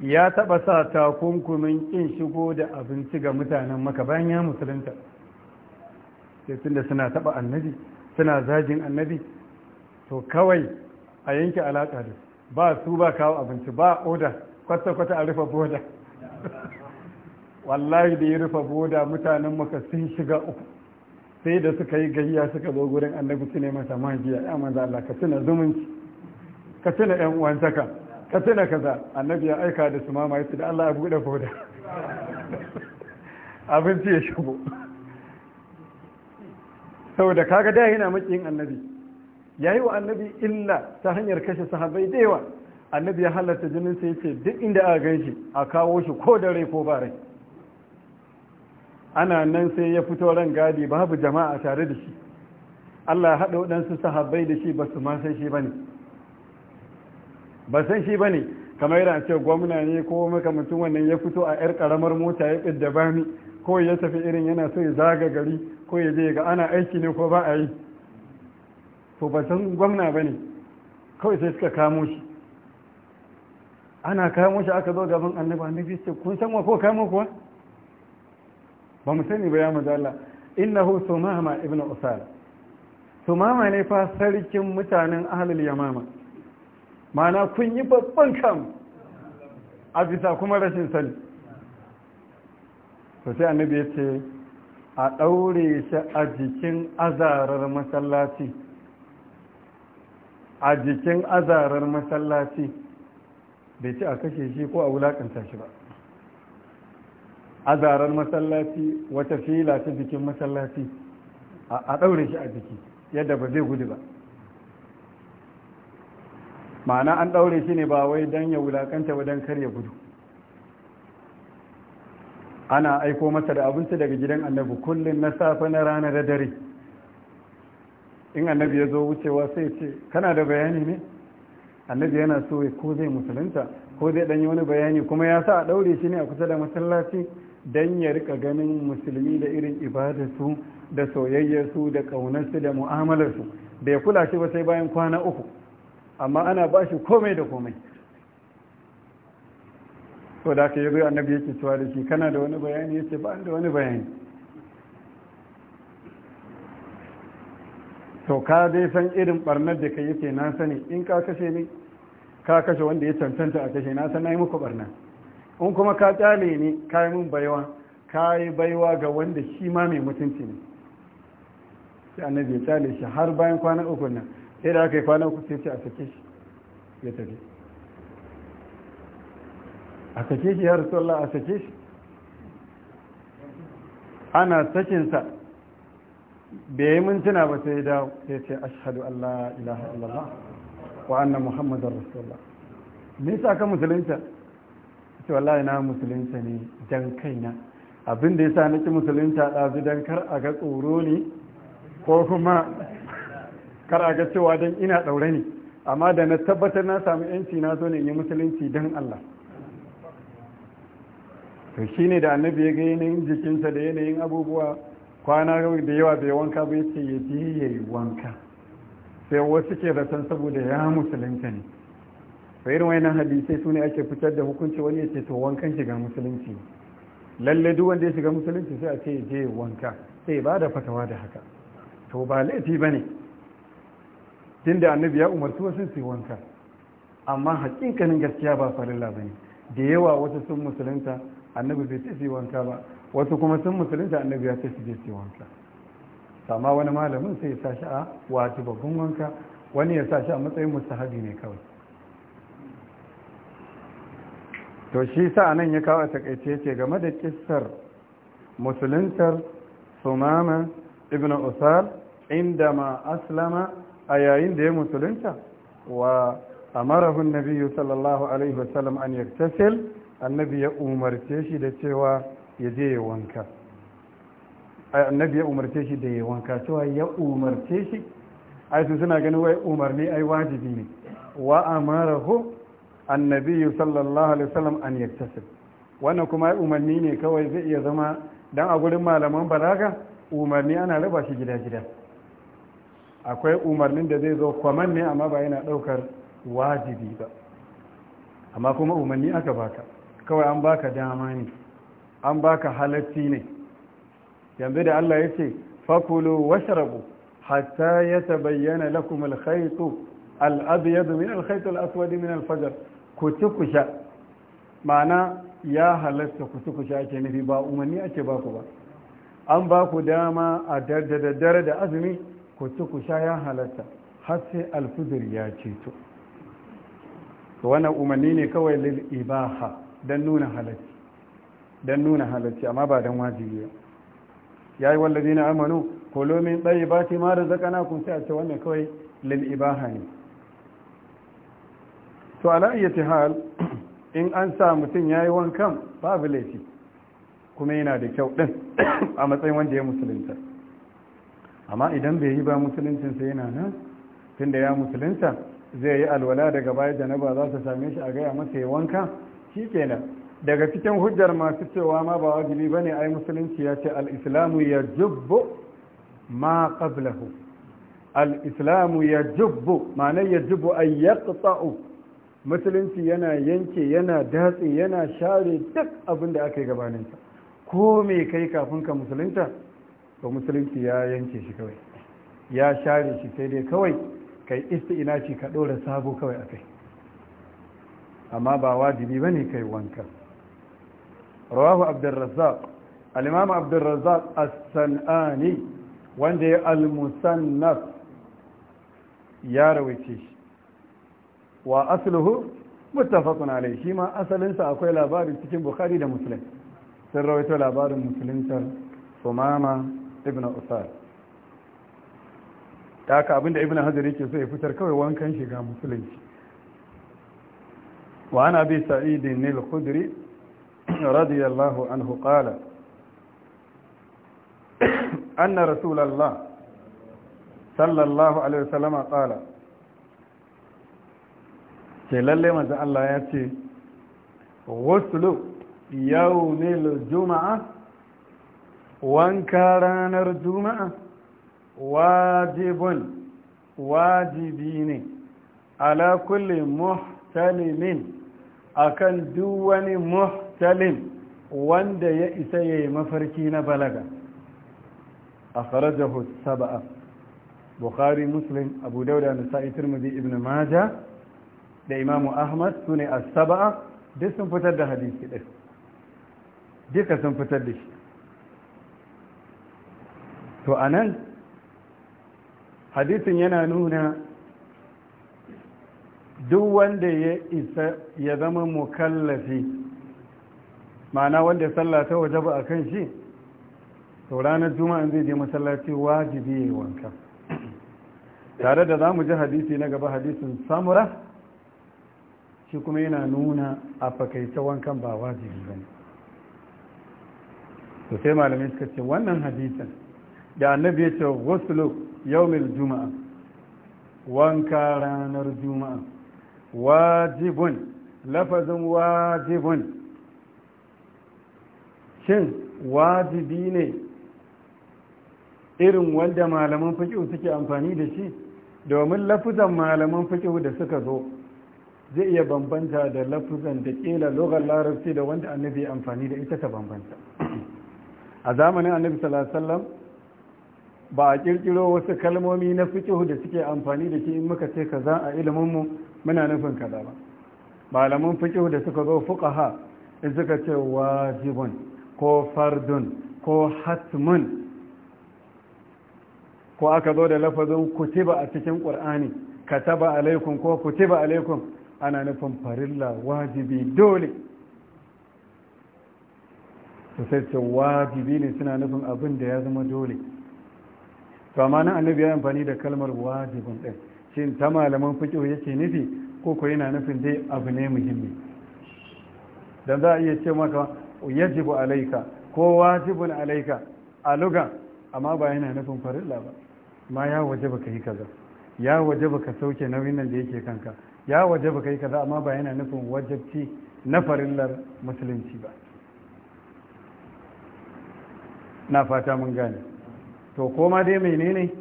ya taba sa takunkumin kin shigo da abinci ga mutanen maka bayan ya musulunta sai tunda suna taba annabi suna zajin annabi to kawai a yanke alaka da ba su ba kawo abinci ba oda kwata-kwata a rufe boda wallahi da ya rufe boda mutanen maka sun shiga uku sai da suka yi gayya suka zo gurin annabi su ne masa magiya ya manzo Allah ka tuna zumunci ka tuna ɗan uwantaka ka tuna kaza annabi ya aika da su mamaye su da Allah ya bude boda abinci ya shigo saboda kaga da yana makiyin annabi yayi wa annabi illa ta hanyar kashe sahabbai da yawa annabi ya halatta jinin sai ce duk inda aka shi a kawo shi ko da rai ko ba rai ana nan sai ya fito ran gadi babu jama'a tare da shi Allah ya haɗa waɗansu sahabbai da shi ba su ma san shi ba ne ba san shi ba ne kamar yana ce gwamna ne ko makamacin wannan ya fito a 'yar karamar mota ya ɓidda bami ko ya tafi irin yana so ya zaga gari ko ya je ga ana aiki ne ko ba a yi to ba san gwamna ba ne kawai sai suka kamo shi ana kamo shi aka zo gaban annabi annabi ce kun san wa ko kamo kuwa ba mu sani ba ya mazala innahu sumama ibn usal sumama ne fa sarkin mutanen ahlul yamama mana kun yi babban kam a bisa kuma rashin sani to sai annabi ya ce a ɗaure shi a jikin azarar masallaci a jikin azarar masallaci bai ce a kashe shi ko a wulakanta shi ba azarar masallaci wata fila ta jikin masallaci a ɗaure shi a jiki yadda ba zai gudu ba ma'ana an ɗaure shi ne ba wai don ya wulakanta ba don kar ya gudu ana aiko masa da abinci daga gidan annabi kullum na safe na rana da dare in annabi ya zo wucewa sai ce kana da bayani ne annabi yana so ko zai musulunta ko zai ɗanyi wani bayani kuma ya sa a ɗaure shi ne a kusa da masallaci don ya rika ganin musulmi da irin ibadarsu da soyayyarsu da ƙaunarsu da mu'amalarsu da ya kula shi ba sai bayan kwana uku amma ana ba shi komai da komai so da aka yi zai annabi yake cewa da shi kana da wani bayani ya ce ba da wani bayani to ka dai san irin barnar da ka yi ke na sani in ka kashe ni ka kashe wanda ya cancanta a kashe na san na yi muku barnar in kuma ka kyale ni ka yi min baiwa ka yi baiwa ga wanda shi ma mai mutunci ne sai annabi ya kyale shi har bayan kwana uku nan sai da aka yi kwana uku sai ce a sake shi ya tafi a sake shi ya rasu Allah a sake shi ana sakinsa bai yi mintuna ba sai dawo sai ce ashadu Allah ilaha illallah wa anna muhammadar rasulullah me ka musulunta ce wallahi na musulunta ne dan kaina abin da yasa nake musulunta ɗazu dan kar a ga tsoro ne ko kuma kar a ga cewa dan ina ɗaure ne amma da na tabbatar na samu yanci na zo ne yi musulunci dan Allah to shine da annabi ya ga yanayin jikinsa da yanayin abubuwa kwana da yawa bai wanka ya ce ya je ya yi wanka sai wasu ke san saboda ya musulunta ne to irin wayannan hadisai su ne ake fitar da hukunci wani ya ce to wankan shiga musulunci lalle duk wanda ya shiga musulunci sai a ce je wanka sai ba da fatawa da haka to ba laifi ba ne tunda annabi ya umarci wasu su wanka amma hakikanin gaskiya ba farilla ba ne da yawa wasu sun musulunta annabi bai ce su wanka ba wasu kuma sun musulunta annabi ya ce su je su wanka sama wani malamin sai ya sa shi a babban wanka wani ya sa shi a matsayin mustahabi ne kawai to shi sa nan ya kawo takaice ce game da kissar musuluntar sumama ibn usar inda ma aslama a yayin da ya musulunta wa amarahun nabiyu sallallahu alaihi wasallam an yaktasil annabi ya umarce shi da cewa ya je ya wanka annabi ya umarce shi da ya wanka cewa ya umarce shi ai sun suna ganin wai umarni ai wajibi ne wa amarahu annabi sallallahu alaihi wasallam an yaktasib wannan kuma umarni ne kawai zai iya zama dan a gurin malaman balaga umarni ana raba shi gida-gida akwai umarnin da zai zo kwaman ne amma ba yana daukar wajibi ba amma kuma umarni aka baka kawai an baka dama ne an baka halatti ne yanzu da Allah ya ce fakulu washrabu hatta yatabayyana lakum al-khayt al-abyad min al-khayt al-aswad min al-fajr kutukusha ma'ana ya halatta kutukusha ake nufi ba umarni ake baku ba an ba ku dama a daddadaddare da azumi kutukusha ku ya halatta har sai alfudur ya ceto to wannan umarni ne kawai lil ibaha don nuna halatta don nuna halatta amma ba don wajibi ba yayi na amanu ɗaya ba ce ma kun sai a ce wannan kawai lil ibaha ne to ala ayyati hal in an sa mutum yayi wankan babu laifi kuma yana da kyau din a matsayin wanda ya musulunta amma idan bai yi ba sai yana nan tunda ya musulunta zai yi alwala daga baya janaba za ta same shi a gaya masa ya wanka Shi shikenan daga cikin hujjar masu cewa ma ba wajibi bane ai musulunci ya ce al-islamu yajubbu ma qablahu al-islamu yajubbu ma'ana yajubbu ay yaqta'u musulunci yana yanke yana datse yana share duk abin da aka yi gabaninsa ko mai kai kafin ka musulunta ba musulunci ya yanke shi kawai ya share shi sai dai kawai kai ina ce ka ɗora sabo kawai akai amma ba wajibi ne kai wanka rawahu abdurrazzaq al-imam abdurrazzaq as-sanani wanda ya al-musannaf ya rawaice shi wa asluhu muttafaqun alayhi shi ma asalin sa akwai labari cikin bukhari da muslim sun rawaito labarin musuluntar sumama ibn usad ta haka abinda ibn hajar yake so ya fitar kawai wankan shiga musulunci wa ana bi sa'idin nil khudri radiyallahu anhu qala anna rasulullah sallallahu alaihi wasallam qala ce lalle maza Allah ya ce wasu yau ne juma'a wanka ranar juma'a wajibun wajibi ne ala kulle muhtalimin akan duk wani muhtalim wanda ya isa ya yi mafarki na balaga a farajahu saba'a bukhari muslim abu dauda nasa'i turmuzi ibn maja. da imamu ahmad su ne a saba'a duk sun fitar da hadisi ɗin duka sun fitar da shi to anan hadisin yana nuna duk wanda ya isa ya zama mukallafi ma'ana wanda sallah ta waje ba a kan shi to ranar juma'an zai je masallaci wajibi ya wanka tare da za mu ji hadisi na gaba hadisin samura shi kuma yana nuna a fakaita wankan ba wajibi ba ne to sai malamai suka ce wannan hadisan da annabi ya ce wasu yaumil juma'a wanka ranar juma'a wajibun lafazin wajibun shin wajibi ne irin wanda malaman fikihu suke amfani da shi domin lafuzan malaman fikihu da suka zo zai iya bambanta da lafuzan da kila lugar larabci da wanda annabi ya amfani da ita ta bambanta a zamanin annabi sallallahu ba a kirkiro wasu kalmomi na fiqh da suke amfani da shi in muka ce kaza a ilimin mu muna nufin kaza ba malaman fiqh da suka zo fuqaha in suka ce wajibun ko fardun ko hatmun ko aka zo da lafazin kutiba a cikin qur'ani kataba alaikum ko kutiba alaikum ana nufin farilla wajibi dole su sai ce wajibi ne suna nufin abin da ya zama dole to amma nan annabi ya amfani da kalmar wajibin ɗin, shin ta malaman fiqh yake nufi ko ko yana nufin dai abu ne muhimmi dan za a iya ce maka yajibu alaika ko wajibun alaika a lugan amma ba yana nufin farilla ba ma ya waje baka yi kaza ya waje baka sauke nauyin nan da yake kanka ya waje ba kai kaza amma ba yana nufin wajabci na farillar musulunci ba na fata mun gane to koma dai menene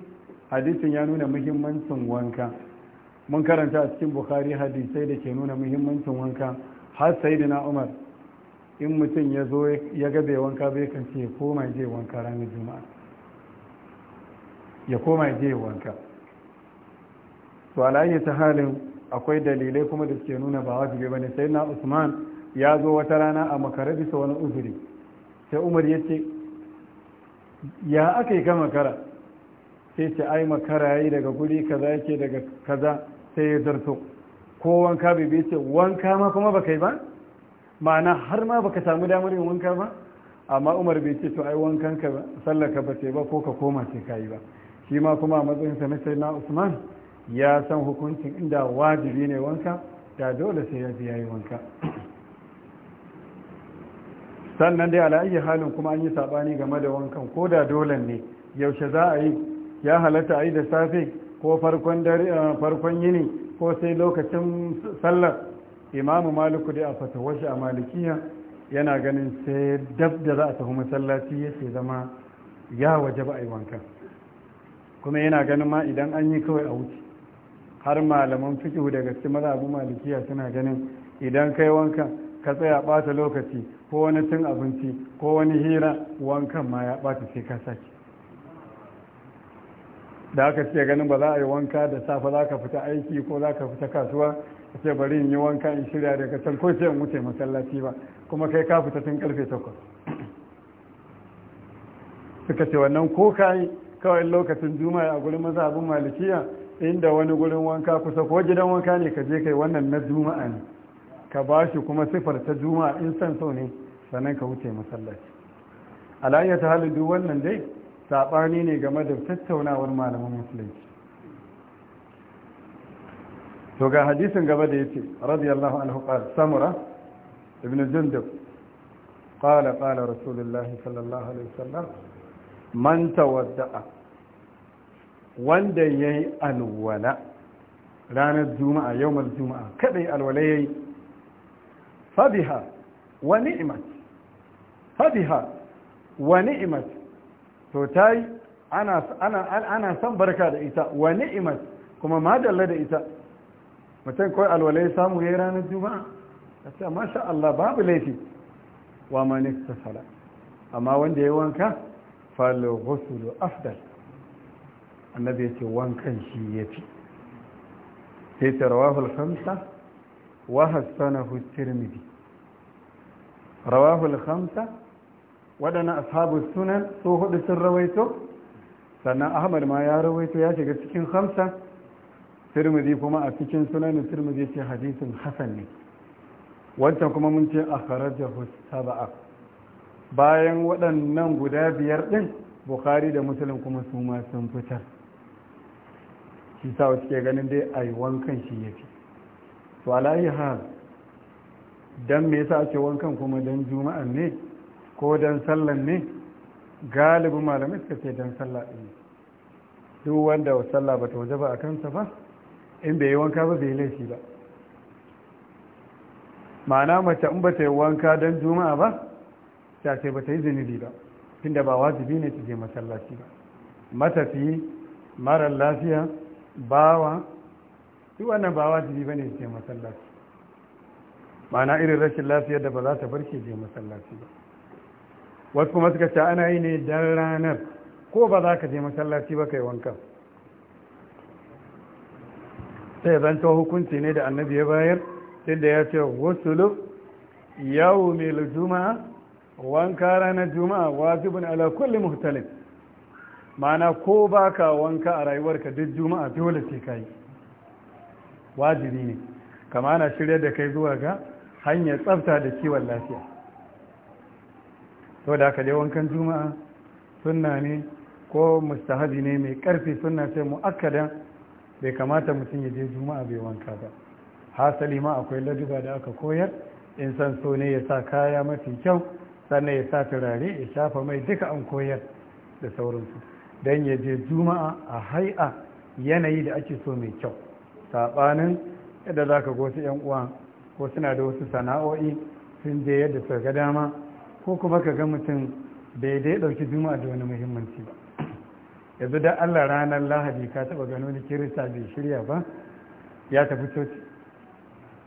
hadisin ya nuna muhimmancin wanka mun karanta a cikin bukhari hadisai da ke nuna muhimmancin wanka har sai na umar in mutum ya zo ya bai wanka bai kan ce koma je wanka ranar juma'a ya koma je wanka to alayya ta halin akwai dalilai kuma da suke nuna ba wajibi bane sai na usman ya zo wata rana a makara bisa wani uzuri sai umar ya ce ya aka yi ka makara sai ce ai makara ya yi daga guri kaza yake daga kaza sai ya zarto ko wanka bai ce wanka ma kuma baka yi ba ma'ana har ma baka samu damar yin wanka ba amma umar bai ce to ai wankan ka sallaka ba ce ba ko ka koma sai ka yi ba shi ma kuma a matsayin na sai na usman ya san hukuncin inda wajibi ne wanka da dole sai ya biya yi wanka sannan dai ala'ayyar halin kuma an yi saɓani game da wankan ko da dole ne yaushe za a yi ya halatta a yi da safe ko farkon eh, yini ko sai lokacin sallar imamu maliku dai a fatawashi a malikiya yana ganin sai dab da za a tafi masallaci ya ce zama ya waje ba a yi wankan kuma yana ganin ma idan an yi kawai a wuce har malaman fikihu daga cikin mazhabin malikiya suna ganin idan kai wanka ka tsaya bata lokaci ko wani cin abinci ko wani hira wankan ma ya bata sai ka saki da aka ce ganin ba za a yi wanka da safe za ka fita aiki ko za ka fita kasuwa a ce bari in yi wanka in shirya daga can ko ce in wuce masallaci ba kuma kai ka fita tun karfe takwas suka ce wannan ko kayi kawai lokacin juma'a a gurin mazhabin malikiya inda wani gurin wanka kusa ko gidan wanka ne ka je kai wannan na juma'a ne ka ba shi kuma sifar ta juma'a in san so ne sannan ka wuce masallaci alayya ta halin duk wannan dai saɓani ne game da tattaunawar malamin musulunci to ga hadisin gaba da ya ce radiyallahu anhu qala samura ibn jundub qala qala rasulullahi sallallahu alaihi wasallam man tawadda'a wanda ya yi alwala ranar juma'a yau mar juma'a kadai alwala ya yi fabiha wa ni'imat fabiha wa ni'imat to ta yi ana son barka da ita wa ni'imat kuma madalla da ita mutum kawai alwala ya samu ya yi ranar juma'a ta ce masha Allah babu laifi wa ne ta sala amma wanda ya yi wanka falghusulu afdal annabi ya ce wankan shi ya fi sai ta hamsa wa hassanahu tirmidhi rawahul hamsa waɗannan ashabu sunan so hudu sun rawaito sannan ahmad ma ya rawaito ya shiga cikin hamsa tirmidhi kuma a cikin sunan tirmidhi ce hadisin hasan ne wancan kuma mun ce a kharajahu sab'a bayan waɗannan guda biyar din bukhari da muslim kuma su ma sun fitar shi sa wasu ke ganin dai a yi wankan shi ya fi to alayi ha don me yasa ake wankan kuma don juma'a ne ko don sallan ne galibin malamai suka ce don sallah ɗin duk wanda sallah ba ta waje ba a kansa ba in bai yi wanka ba bai laifi ba ma'ana mace in ba ta yi wanka don juma'a ba ta ce ba ta yi zunubi ba tunda ba wajibi ne ta je masallaci ba matafi marar lafiya bawa duk wannan ba yi ba ne ke masallaci ma'ana irin rashin lafiyar da ba za ta barke je masallaci ba wasu kuma suka ce ana yi ne dan ranar ko ba za ka je masallaci ba kai wanka sai zanto hukunci ne da annabi ya bayar tunda ya ce wasulu yawo mai juma'a wanka ranar juma'a wajibin ala kulli muhtalif mana ko ba ka wanka a rayuwarka duk juma'a dole sai kai wajibi ne kama na shirya da kai zuwa ga hanyar tsafta da kiwon lafiya to da ka je wankan juma'a sunna ne ko mustahabi ne mai karfi sunna sai mu akada bai kamata mutum ya je juma'a bai wanka ba hasali ma akwai laduba da aka koyar in san so ne ya sa kaya mafi kyau sannan ya sa turare ya shafa mai duka an koyar da sauransu don ya je juma'a a hai'a yanayi da ake so mai kyau saɓanin yadda za ka wasu 'yan uwa ko suna da wasu sana'o'i sun je yadda suka ga dama ko kuma ka ga mutum bai dai ɗauki juma'a da wani muhimmanci ba yanzu da allah ranar lahadi ka taɓa gano ni kirista bai shirya ba ya tafi coci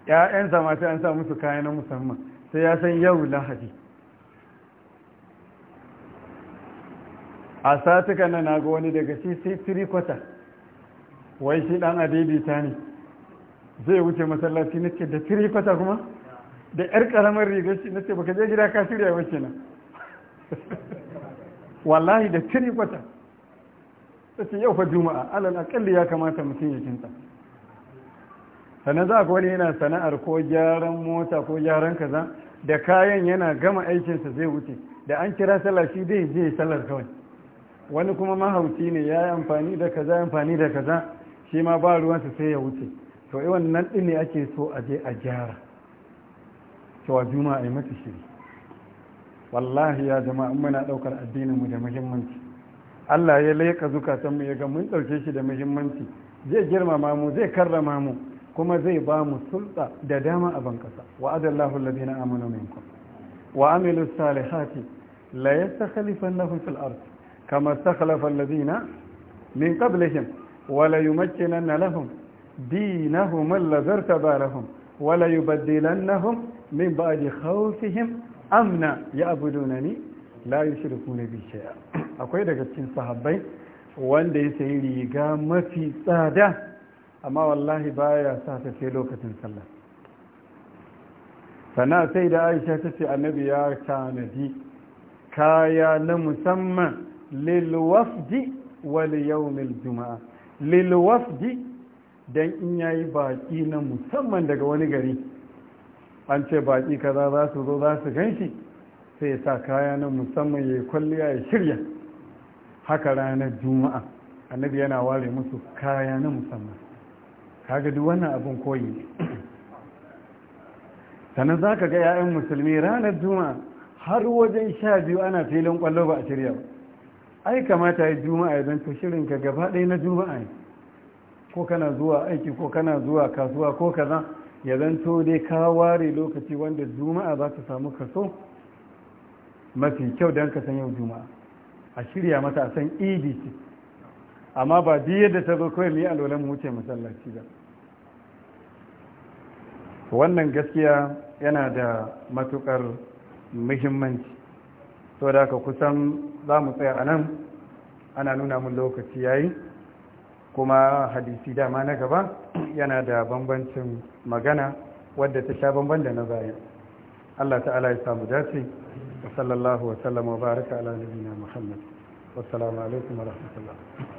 'ya'yansa ma sai an sa musu kaya musamman sai ya san yau lahadi a satuka na naga wani daga shi sai tirikwata wai shi dan adidita ne zai wuce masallaci na ce da kwata kuma da yar karamar rigar shi na ce baka je gida ka shirya wace nan wallahi da tirikwata ta ce yau fa juma'a alal akalli ya kamata mutum ya kinta sannan za ka wani yana sana'ar ko gyaran mota ko gyaran kaza da kayan yana gama aikinsa zai wuce da an kira sallah shi dai je sallar kawai wani kuma mahauci ne ya yi amfani da kaza amfani da kaza shi ma ba ruwansa sai ya wuce to yi eh, wannan din ne ake so a je a gyara cewa juma a yi mata shiri wallahi ya jama'a muna ɗaukar mu da muhimmanci Allah ya laika mu ya ga mun ɗauke shi da muhimmanci zai girmama mu zai karrama mu kuma zai ba mu sulta da dama a bankasa wa adallahu alladhina amanu minkum wa amilu salihati la yastakhlifannahum fil ard kama sakhalafan ladina min qablihim wala yumakkinanna lahum dinahum allazartaba lahum wala yubaddilannahum min ba'di khawfihim amna ya'budunani la yushrikuna bi shay'a akwai daga cikin sahabbai wanda ya sayi riga mafi tsada amma wallahi baya sa ta sai lokacin sallah sana sai da aisha ta ce annabi ya tanadi kaya na musamman lilwafdi wali yawmil juma'a lilwafdi dan in yayi baki na musamman daga wani gari an ce baki kaza za su zo za su ganshi sai sa kaya na musamman ya kwalliya ya shirya haka ranar juma'a annabi yana ware musu kaya na musamman kaga duk wannan abin koyi sannan za ka ga 'ya'yan musulmi ranar juma'a har wajen sha biyu ana filin kwallo ba a shirya ba ai kamata ya juma'a ya zanto shirin ka gaba ɗaya na juma'a ne ko kana zuwa aiki ko kana zuwa kasuwa ko kaza ya zanto dai ka ware lokaci wanda juma'a za ka samu kaso mafi kyau don ka san yau juma'a a shirya mata a san idi amma ba biye yadda ta zo kawai mu yi alwalan mu wuce masallaci ba wannan gaskiya yana da matukar muhimmanci so da ka kusan za mu tsaya a nan ana nuna mun lokaci yayi kuma hadisi dama na gaba yana da bambancin magana wadda ta sha bamban da na baya Allah ta'ala ya samu dace wa sallallahu wa sallama wa baraka ala nabiyina Muhammad wassalamu alaikum wa rahmatullah